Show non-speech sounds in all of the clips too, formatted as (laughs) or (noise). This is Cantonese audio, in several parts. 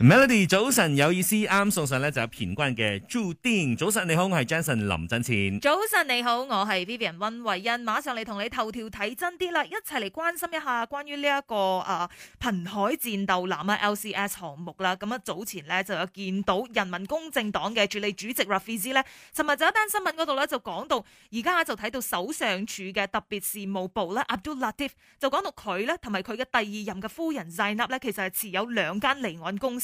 Melody，早晨有意思，啱送上咧就有田君嘅朱丁，早晨你好，我係 Jason 林振前，早晨你好，我係 Vivian 溫慧欣，馬上嚟，同你頭條睇真啲啦，一齊嚟關心一下關於呢一個啊瀕海戰鬥艦啊 LCS 項目啦，咁啊早前咧就有見到人民公正黨嘅主理主席 Rafizi 咧，尋日就喺單新聞嗰度咧就講到而家就睇到首相署嘅特別事務部咧 Abdul Latif 就講到佢咧同埋佢嘅第二任嘅夫人 Zainab 呢，其實係持有兩間離岸公司。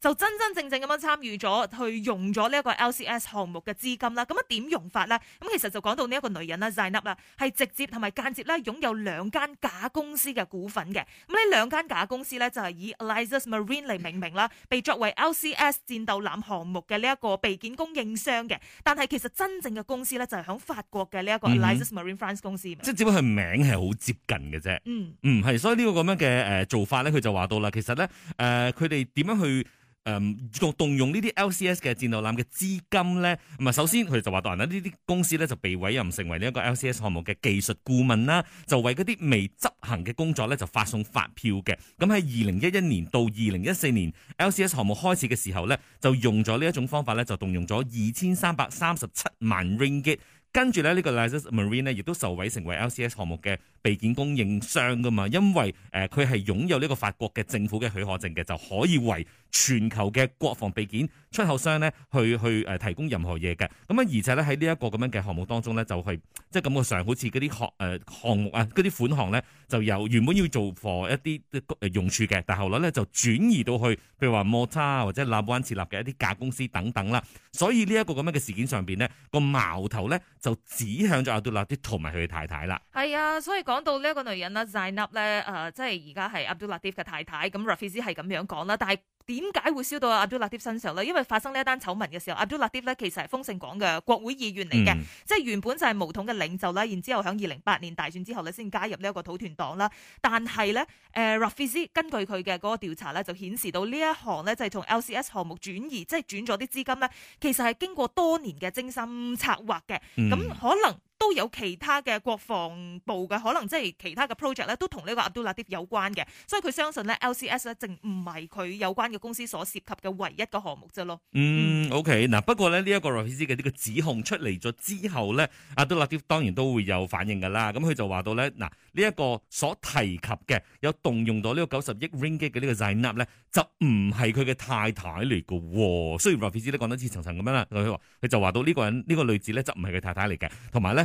就真真正正咁樣參與咗，去用咗呢一個 LCS 項目嘅資金啦。咁樣點用法咧？咁其實就講到呢一個女人啦，Zainab 啦，係直接同埋間接咧擁有兩間假公司嘅股份嘅。咁呢兩間假公司咧就係以 Eliza Marine 嚟命名啦， (laughs) 被作為 LCS 戰鬥艦項目嘅呢一個備件供應商嘅。但係其實真正嘅公司咧就係響法國嘅呢一個 Eliza Marine France 公司。即係只不過佢名係好接近嘅啫。嗯，係、嗯，所以呢個咁樣嘅誒做法咧，佢就話到啦，其實咧誒佢哋點樣去？誒，用、嗯、動用呢啲 LCS 嘅戰鬥艦嘅資金咧，唔係首先佢就話，當然啦，呢啲公司咧就被委任成為呢一個 LCS 項目嘅技術顧問啦，就為嗰啲未執行嘅工作咧就發送發票嘅。咁喺二零一一年到二零一四年 LCS 項目開始嘅時候咧，就用咗呢一種方法咧，就動用咗二千三百三十七萬 Ringgit。跟住咧，呢、這個 Lexus Marine 呢，亦都受委成為 LCS 項目嘅備件供應商噶嘛，因為誒佢係擁有呢個法國嘅政府嘅許可證嘅，就可以為。全球嘅國防備件出口商咧，去去誒、呃、提供任何嘢嘅，咁啊，而且咧喺呢一個咁樣嘅項目當中咧，就係即係咁嘅上，好似嗰啲項誒項目啊，嗰啲款項咧，就由原本要做貨一啲誒、呃、用處嘅，但後來咧就轉移到去，譬如話摩扎或者立不安設立嘅一啲假公司等等啦。所以呢一個咁樣嘅事件上邊咧，個矛頭咧就指向咗阿杜立迪同埋佢嘅太太啦。係啊，所以講到呢一個女人啦，Zainab 咧誒、呃，即係而家係阿杜立迪嘅太太，咁 Rafizi 係咁樣講啦，但係。點解會燒到阿阿杜拉迪身上咧？因為發生呢一單醜聞嘅時候，阿杜拉迪咧其實係豐盛港嘅國會議員嚟嘅，嗯、即係原本就係巫統嘅領袖啦。然之後喺二零八年大選之後咧，先加入呢一個土團黨啦。但係咧，誒、呃，Rafizi 根據佢嘅嗰個調查咧，就顯示到呢一行咧就係從 LCS 項目轉移，即係轉咗啲資金咧，其實係經過多年嘅精心策劃嘅。咁、嗯、可能。都有其他嘅國防部嘅可能，即係其他嘅 project 咧，都同呢個阿杜拉迪有關嘅，所以佢相信咧，LCS 咧正唔係佢有關嘅公司所涉及嘅唯一一個項目啫咯。嗯，OK，嗱，不過咧呢一個羅皮斯嘅呢個指控出嚟咗之後咧，阿杜拉迪當然都會有反應㗎啦。咁佢就話到咧，嗱呢一個所提及嘅有動用到呢個九十億 ringgit 嘅呢個債鈔咧，就唔係佢嘅太太嚟嘅。雖然羅皮斯咧講得似層層咁樣啦，佢話佢就話到呢個人呢、呢個女子咧，就唔係佢太太嚟嘅，同埋咧。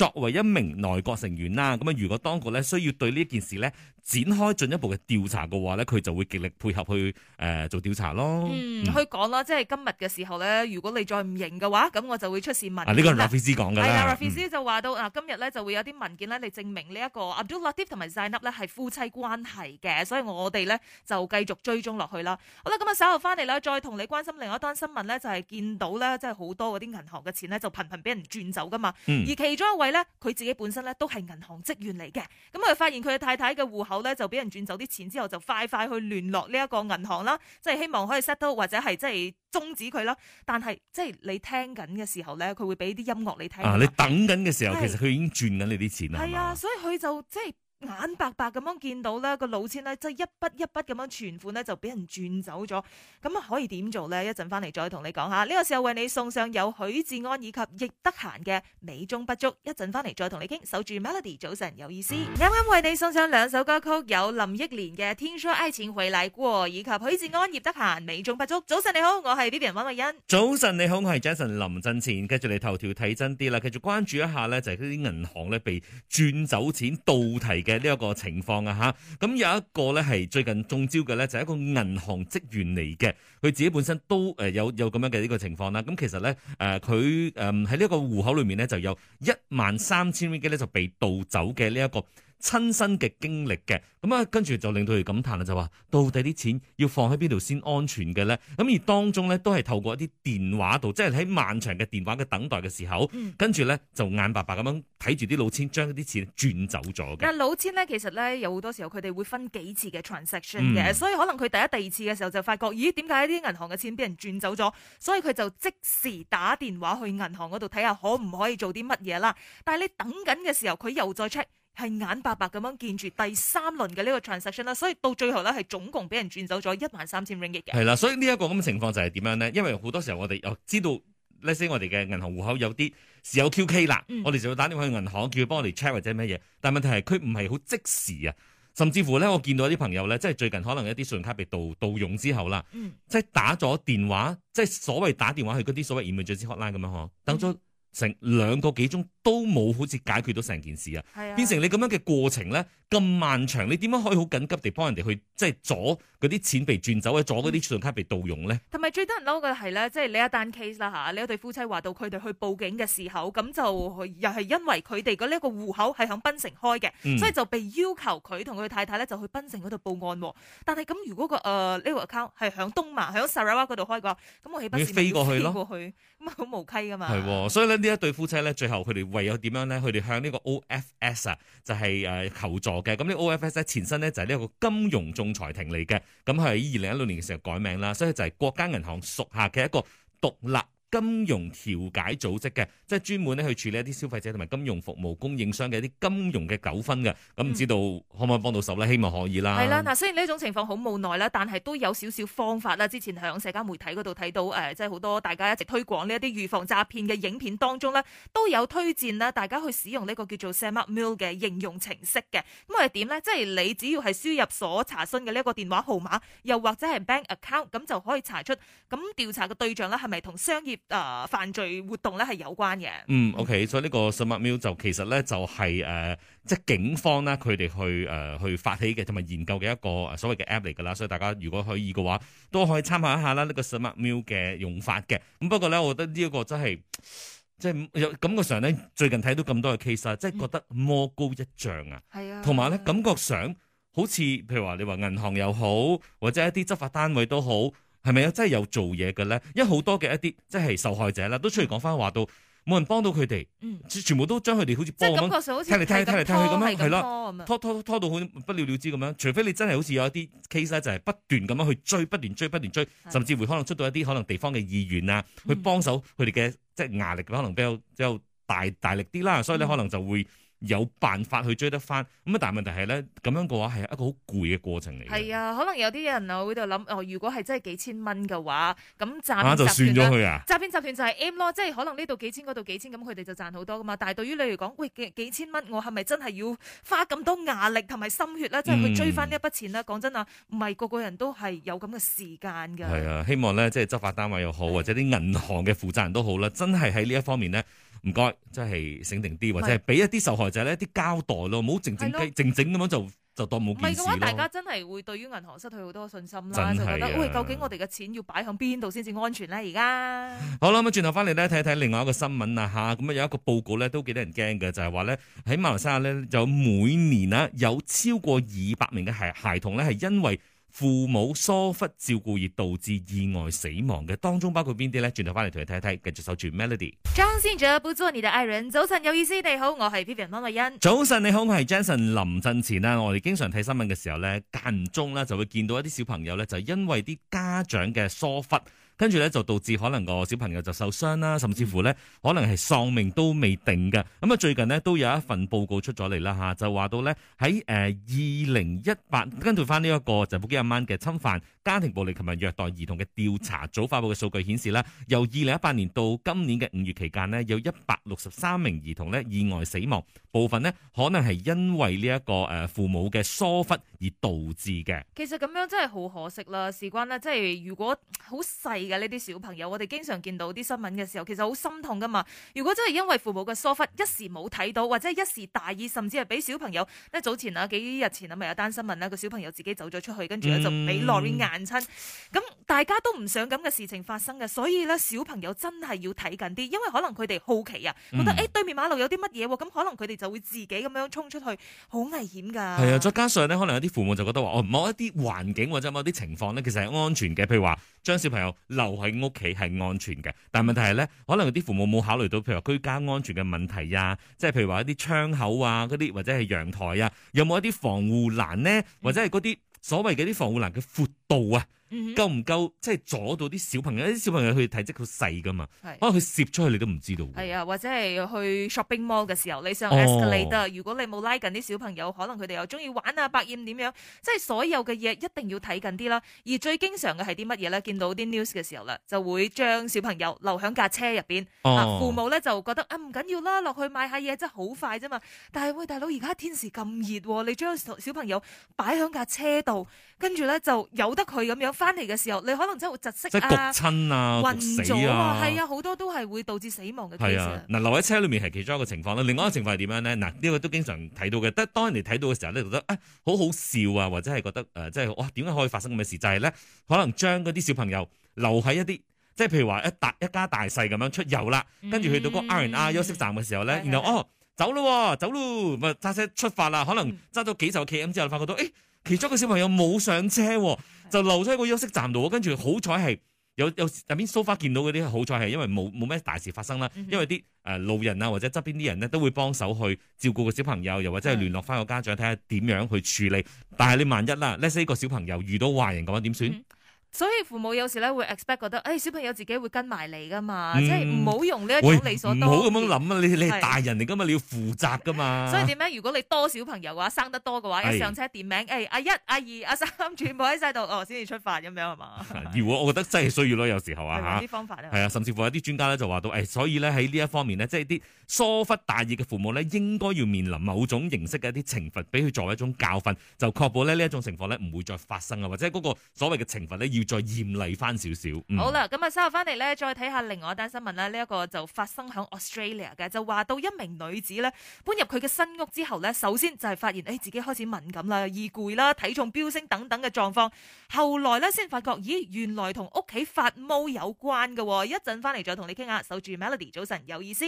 作為一名內閣成員啦，咁啊，如果當局咧需要對呢件事咧展開進一步嘅調查嘅話咧，佢就會極力配合去誒、呃、做調查咯。嗯，去講啦，即係今日嘅時候咧，如果你再唔認嘅話，咁我就會出示問、啊。 (laughs) 啊，呢個係拉菲斯講㗎啦。係啊、嗯，拉菲斯就話到啊，今日咧就會有啲文件咧嚟證明呢一個 Abdullatif 同埋 Zainab 咧係夫妻關係嘅，所以我哋咧就繼續追蹤落去啦。好啦，咁啊稍後翻嚟啦，再同你關心另外一單新聞咧，就係、是、見到咧，即係好多嗰啲銀行嘅錢咧就頻頻俾人轉走㗎嘛。嗯、而其中一位。咧佢自己本身咧都係銀行職員嚟嘅，咁啊發現佢嘅太太嘅戶口咧就俾人轉走啲錢之後，就快快去聯絡呢一個銀行啦，即係希望可以 set 到或者係即係終止佢啦。但係即係你聽緊嘅時候咧，佢會俾啲音樂你聽。啊，你等緊嘅時候，是其實佢已經轉緊你啲錢啦。係啊的的，所以佢就即係。眼白白咁樣見到咧個老千咧，即係一筆一筆咁樣存款咧就俾人轉走咗，咁啊可以點做咧？一陣翻嚟再同你講下。呢、這個時候為你送上有許志安以及葉德嫻嘅美中不足，一陣翻嚟再同你傾。守住 Melody，早晨有意思。啱啱、嗯、為你送上兩首歌曲，有林憶蓮嘅《聽說愛情回來過》，以及許志安、葉德嫻《美中不足》。早晨你好，我係 B B 人溫慧欣。早晨你好，我係 Jason 林振前。繼續嚟頭條睇真啲啦，繼續關注一下咧，就係啲銀行咧被轉走錢倒提嘅。嘅呢一個情況啊，吓、嗯、咁有一個咧係最近中招嘅咧，就係一個銀行職員嚟嘅，佢自己本身都誒有有咁樣嘅呢個情況啦。咁、嗯、其實咧誒佢誒喺呢、呃呃、個戶口裏面咧就有一萬三千蚊嘅咧就被盜走嘅呢一個。親身嘅經歷嘅，咁啊，跟住就令到佢感嘆啦，就話：到底啲錢要放喺邊度先安全嘅咧？咁而當中咧，都係透過一啲電話度，即係喺漫長嘅電話嘅等待嘅時候，嗯、跟住咧就眼白白咁樣睇住啲老千將啲錢轉走咗嘅。但係老千咧，其實咧有好多時候佢哋會分幾次嘅 transaction 嘅，嗯、所以可能佢第一、第二次嘅時候就發覺，咦？點解一啲銀行嘅錢俾人轉走咗？所以佢就即時打電話去銀行嗰度睇下可唔可以做啲乜嘢啦。但係你等緊嘅時候，佢又再 check。係眼白白咁樣見住第三輪嘅呢個 transaction 啦，所以到最後咧係總共俾人轉走咗一萬三千零吉嘅。係啦，所以呢一個咁嘅情況就係點樣咧？因為好多時候我哋又知道，呢些我哋嘅銀行戶口有啲是有 QK 啦，嗯、我哋就會打電話去銀行叫佢幫我哋 check 或者乜嘢。但係問題係佢唔係好即時啊，甚至乎咧，我見到一啲朋友咧，即係最近可能一啲信用卡被盜盜用之後啦，嗯、即係打咗電話，即係所謂打電話去嗰啲所謂移民註冊 hotline 咁樣呵，嗯、等咗成兩個幾鐘。都冇好似解決到成件事啊！變成你咁樣嘅過程咧咁漫長，你點樣可以好緊急地幫人哋去即係阻嗰啲錢被轉走啊？阻嗰啲信用卡被盜用咧？同埋最得人嬲嘅係咧，即係你一單 case 啦嚇，你一對夫妻話到佢哋去報警嘅時候，咁就又係因為佢哋嘅呢一個戶口係響檳城開嘅，嗯、所以就被要求佢同佢太太咧就去檳城嗰度報案。但係咁如果、個誒呢、呃呢個 account 係響東馬響 Sarawak 嗰度開嘅，咁我起飛飛過去咯，過去咁啊好無稽噶嘛。係、哦、所以呢，呢一對夫妻咧最後佢哋。唯有點樣咧？佢哋向呢個 OFS 啊，就係、是、誒、呃、求助嘅。咁呢個 OFS 咧前身咧就係、是、呢個金融仲裁庭嚟嘅。咁佢係二零一六年嘅時候改名啦，所以就係國家銀行屬下嘅一個獨立金融調解組織嘅，即係專門咧去處理一啲消費者同埋金融服務供應商嘅一啲金融嘅糾紛嘅。咁唔知道可唔可以幫到手咧？希望可以啦。係啦，嗱，雖然呢一種情況好無奈啦，但係都有少少方法啦。之前喺社交媒體嗰度睇到，誒、呃，即係好多大家一直推廣呢一啲預防詐騙嘅影片當中咧，都有推薦啦，大家去使用呢個叫做 SmartMule 嘅應用程式嘅。咁係點咧？即係你只要係輸入所查詢嘅呢一個電話號碼，又或者係 Bank Account，咁就可以查出。咁調查嘅對象咧係咪同商業？誒、呃，犯罪活動咧係有關嘅。嗯，OK，所以呢個 Smart Mill 就其實咧就係、是、誒，即、呃、係、就是、警方咧佢哋去誒、呃、去發起嘅同埋研究嘅一個所謂嘅 App 嚟噶啦。所以大家如果可以嘅話，都可以參考一下啦。呢個 Smart Mill 嘅用法嘅。咁、嗯、不過咧，我覺得呢一個真係即係有感覺上咧，最近睇到咁多嘅 case，即係覺得魔高一丈啊。係啊、嗯。同埋咧，感覺上好似，譬如話你話銀行又好，或者一啲執法單位都好。係咪啊？真係有做嘢嘅咧，因為好多嘅一啲即係受害者啦，都出嚟講翻話到冇人幫到佢哋，嗯、全部都將佢哋好似即係感覺上好似拖拖拖拖到好不了了之咁樣。除非你真係好似有一啲 case 咧就係不斷咁樣去追，不斷追，不斷追，甚至會可能出到一啲可能地方嘅議員啊，去幫手佢哋嘅即係壓力可能比較比較大大力啲啦，所以你可能就會。嗯有辦法去追得翻咁啊！但係問題係咧，咁樣嘅話係一個好攰嘅過程嚟嘅。係啊，可能有啲人啊會度諗哦，如果係真係幾千蚊嘅話，咁賺啊，就算咗佢啊！詐騙集團就係 M 咯，即係可能呢度幾千，嗰度幾千，咁佢哋就賺好多㗎嘛。但係對於你嚟講，喂幾千蚊，我係咪真係要花咁多壓力同埋心血咧？即係去追翻呢一筆錢咧？講、嗯、真啊，唔係個個人都係有咁嘅時間㗎。係啊，希望咧即係執法單位又好，的或者啲銀行嘅負責人都好啦，真係喺呢一方面咧。唔該，真係醒定啲，或者係俾一啲受害者呢一啲交代咯，唔好靜靜靜靜靜咁樣就就當冇件事咯。唔係嘅話，大家真係會對於銀行失去好多信心啦，的的就覺得喂，究竟我哋嘅錢要擺向邊度先至安全咧？而家好啦，咁啊轉頭翻嚟，咧睇一睇另外一個新聞啊吓，咁啊有一個報告咧都幾得人驚嘅，就係話咧喺馬來西亞咧就每年啦有超過二百名嘅孩孩童咧係因為。父母疏忽照顧而導致意外死亡嘅，當中包括邊啲咧？轉頭翻嚟同你睇一睇，繼續守住 Melody。張信哲不做你的愛人。早晨有意思，你好，我係 Vivian 方麗欣。早晨你好，我係 Jason 林振前啊！我哋經常睇新聞嘅時候咧，間中啦就會見到一啲小朋友咧，就因為啲家長嘅疏忽。跟住咧就導致可能個小朋友就受傷啦，甚至乎咧可能係喪命都未定嘅。咁啊最近咧都有一份報告出咗嚟啦吓，就話到咧喺誒二零一八跟住翻呢一個就冇幾阿蚊嘅侵犯。家庭暴力及虐待兒童嘅調查組發布嘅數據顯示啦，由二零一八年到今年嘅五月期間咧，有一百六十三名兒童咧意外死亡，部分咧可能係因為呢一個誒父母嘅疏忽而導致嘅。其實咁樣真係好可惜啦，事關呢，即係如果好細嘅呢啲小朋友，我哋經常見到啲新聞嘅時候，其實好心痛噶嘛。如果真係因為父母嘅疏忽，一時冇睇到或者一時大意，甚至係俾小朋友，一早前啊幾日前啊咪有單新聞呢、呢個小朋友自己走咗出去，跟住咧就俾近咁大家都唔想咁嘅事情發生嘅，所以咧小朋友真係要睇緊啲，因為可能佢哋好奇啊，覺得誒對面馬路有啲乜嘢喎，咁、嗯、可能佢哋就會自己咁樣衝出去，好危險㗎。係啊，再加上咧，可能有啲父母就覺得話，哦，某一啲環境或者某啲情況咧，其實係安全嘅，譬如話將小朋友留喺屋企係安全嘅。但問題係咧，可能有啲父母冇考慮到，譬如話居家安全嘅問題呀，即係譬如話一啲窗口啊，嗰啲或者係陽台啊，有冇一啲防護欄呢？或者係嗰啲所謂嘅啲防護欄嘅闊。度啊，夠唔夠？即係阻到啲小朋友，啲小朋友去體積好細噶嘛，可能佢攝出去你都唔知道。係啊，或者係去 shopping mall 嘅時候，你上 escalator、哦、如果你冇拉緊啲小朋友，可能佢哋又中意玩啊、百厭點樣，即係所有嘅嘢一定要睇緊啲啦。而最經常嘅係啲乜嘢咧？見到啲 news 嘅時候啦，就會將小朋友留喺架車入邊，哦、父母咧就覺得啊唔緊要啦，落去買下嘢真係好快啫嘛。但係喂大佬，而家天時咁熱，你將小朋友擺喺架車度，跟住咧就有。得佢咁樣翻嚟嘅時候，你可能真係會窒息，即係焗親啊、暈咗啊，係啊，好、啊、多都係會導致死亡嘅。係啊，嗱，留喺車裏面係其中一個情況啦。另外一個情況係點樣咧？嗱，呢個都經常睇到嘅。得當人哋睇到嘅時候咧，覺得啊，好、欸、好笑啊，或者係覺得誒，即係我點解可以發生咁嘅事？就係、是、咧，可能將嗰啲小朋友留喺一啲，即係譬如話一大一家大細咁樣出遊啦，跟住去到嗰個 R and R 休息站嘅時候咧，然後、嗯、然後哦走咯，走咯，咪揸車出發啦。可能揸咗幾十 K M 之後，發覺到誒。欸欸其中個小朋友冇上車，就留咗喺個休息站度。跟住好彩係有有入邊梳化見到嗰啲，好彩係因為冇冇咩大事發生啦。嗯、哼因為啲誒路人啊，或者側邊啲人咧，都會幫手去照顧個小朋友，又或者係聯絡翻個家長睇下點樣去處理。但係你萬一啦、啊，呢、嗯、哼個小朋友遇到壞人嘅話，點算？嗯所以父母有時咧會 expect 覺得，誒、哎、小朋友自己會跟埋你噶嘛，嗯、即係唔好用呢一種理所當然，唔好咁樣諗啊！你你係大人嚟噶嘛，是你要負責噶嘛。 (laughs) 所以點樣？如果你多小朋友嘅話，生得多嘅話，一上車點名，誒、哎，阿、啊、一、阿、啊、二、阿、啊啊、三，全部喺晒度哦，先至出發咁樣係嘛？如果我覺得真係需要咯，有時候啊吓。啲方法咧？係啊，甚至乎有啲專家咧就話到，誒、哎，所以咧喺呢一方面咧，即係啲疏忽大意嘅父母咧，應該要面臨某種形式嘅一啲懲罰，俾佢作為一種教訓，就確保咧呢一種情況咧唔會再發生啊，或者嗰個所謂嘅懲罰咧要再嚴厲翻少少。嗯、好啦，咁啊，稍後翻嚟咧，再睇下另外一單新聞啦。呢、這、一個就發生喺 Australia 嘅，就話到一名女子咧搬入佢嘅新屋之後咧，首先就係發現誒自己開始敏感啦、易攰啦、體重飆升等等嘅狀況，後來咧先發覺，咦，原來同屋企發毛有關嘅。一陣翻嚟再同你傾下，守住 Melody 早晨，有意思。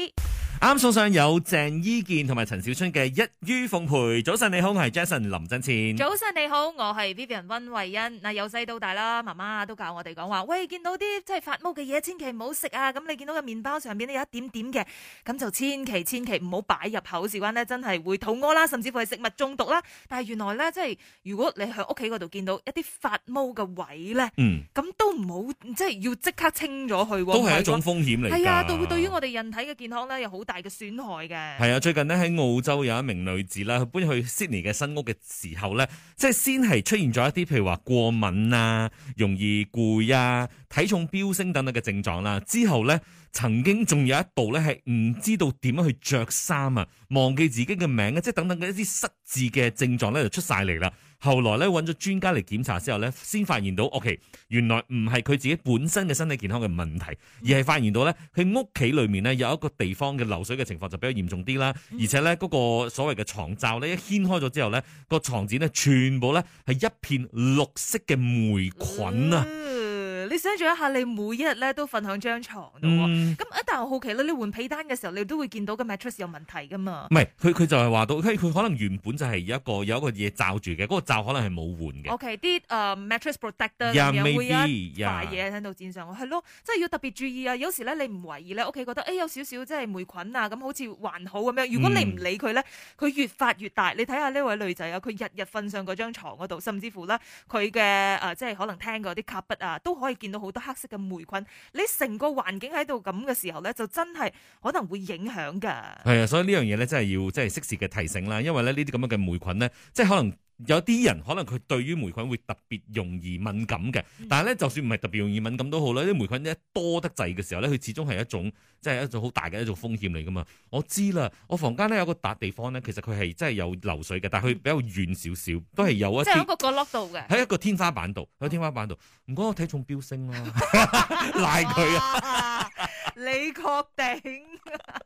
啱送上有鄭伊健同埋陳小春嘅一於奉陪。早晨你好，我係 Jason 林振前。早晨你好，我係 Vivian 溫慧欣。嗱，由細到大啦，媽媽都教我哋講話，喂，見到啲即係發毛嘅嘢，千祈唔好食啊。咁你見到個麵包上邊咧有一點點嘅，咁就千祈千祈唔好擺入口，事關呢真係會肚屙啦，甚至乎係食物中毒啦。但係原來呢，即係如果你喺屋企嗰度見到一啲發毛嘅位呢，嗯，咁都唔好，即係要即刻清咗去，都係一種風險嚟。係啊，對於我哋人體嘅健康呢，有好大。大嘅損害嘅，係啊！最近咧喺澳洲有一名女子啦，佢搬去 Sydney 嘅新屋嘅時候咧，即係先係出現咗一啲譬如話過敏啊、容易攰啊、體重飆升等等嘅症狀啦。之後咧，曾經仲有一度咧係唔知道點樣去着衫啊，忘記自己嘅名啊，即係等等嘅一啲失智嘅症狀咧就出晒嚟啦。後來咧揾咗專家嚟檢查之後咧，先發現到 OK，原來唔係佢自己本身嘅身體健康嘅問題，而係發現到咧，佢屋企裏面咧有一個地方嘅漏水嘅情況就比較嚴重啲啦，而且咧嗰個所謂嘅床罩咧一掀開咗之後咧，個床墊咧全部咧係一片綠色嘅霉菌啊！你想像一下，你每一日咧都瞓響張床度喎，咁一、嗯、但我好奇咧，你換被單嘅時候，你都會見到嘅 mattress 有問題㗎嘛？唔係，佢佢就係話到，佢可能原本就係一個有一個嘢罩住嘅，嗰、那個罩可能係冇換嘅。Okay，啲、uh, mattress protector 嘅嘢 Yeah, 會必啊，化嘢喺度沾上，係咯，真係要特別注意啊！有時咧你唔懷疑咧屋企覺得，哎，有少少即係霉菌啊，咁好似還好咁樣。如果你唔理佢咧，佢、嗯、越發越大。你睇下呢位女仔啊，佢日日瞓上嗰張牀嗰度，甚至乎咧佢嘅誒即係可能聽嗰啲卡筆啊都可以。見到好多黑色嘅霉菌，你成個環境喺度咁嘅時候咧，就真係可能會影響噶。係啊、嗯，所以呢樣嘢咧，真係要即係適時嘅提醒啦。因為咧呢啲咁樣嘅霉菌咧，即係可能。有啲人可能佢對於霉菌會特別容易敏感嘅，但係咧就算唔係特別容易敏感都好啦，啲霉菌一多得滯嘅時候咧，佢始終係一種即係、就是、一種好大嘅一種風險嚟噶嘛。我知啦，我房間咧有個笪地方咧，其實佢係真係有流水嘅，但係佢比較遠少少，都係有一即個角落度嘅，喺一個天花板度，喺天花板度。唔該，我體重飆升啦，賴佢啊！你確定啊？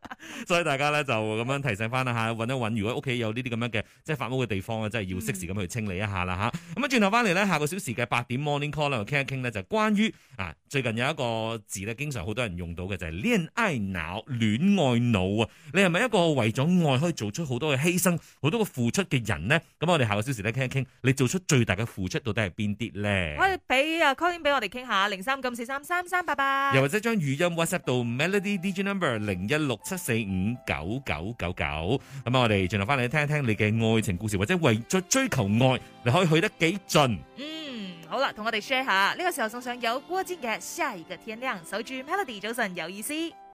所以大家咧就咁樣提醒翻啦吓，搵一搵，如果屋企有呢啲咁樣嘅即係發毛嘅地方咧，真係要適時咁去清理一下啦吓。咁啊轉頭翻嚟咧，下個小時嘅八點 morning call 咧，傾一傾咧就關於啊最近有一個字咧，經常好多人用到嘅就係戀愛腦，戀愛腦啊，你係咪一個為咗愛可以做出好多嘅犧牲，好多嘅付出嘅人呢？咁我哋下個小時咧傾一傾，你做出最大嘅付出到底係邊啲咧？可以俾啊 call in 俾我哋傾下，零三九四三三三，八八，又或者將語音 whatsapp 到 melody DJ number 零一六七四。五九九九九，咁啊，我哋轉頭翻嚟，聽一聽你嘅愛情故事，或者為咗追求愛，你可以去得幾盡？嗯，好啦，同我哋 share 下呢個時候送上有郭靜嘅下一個天亮，守住 melody 早晨有意思。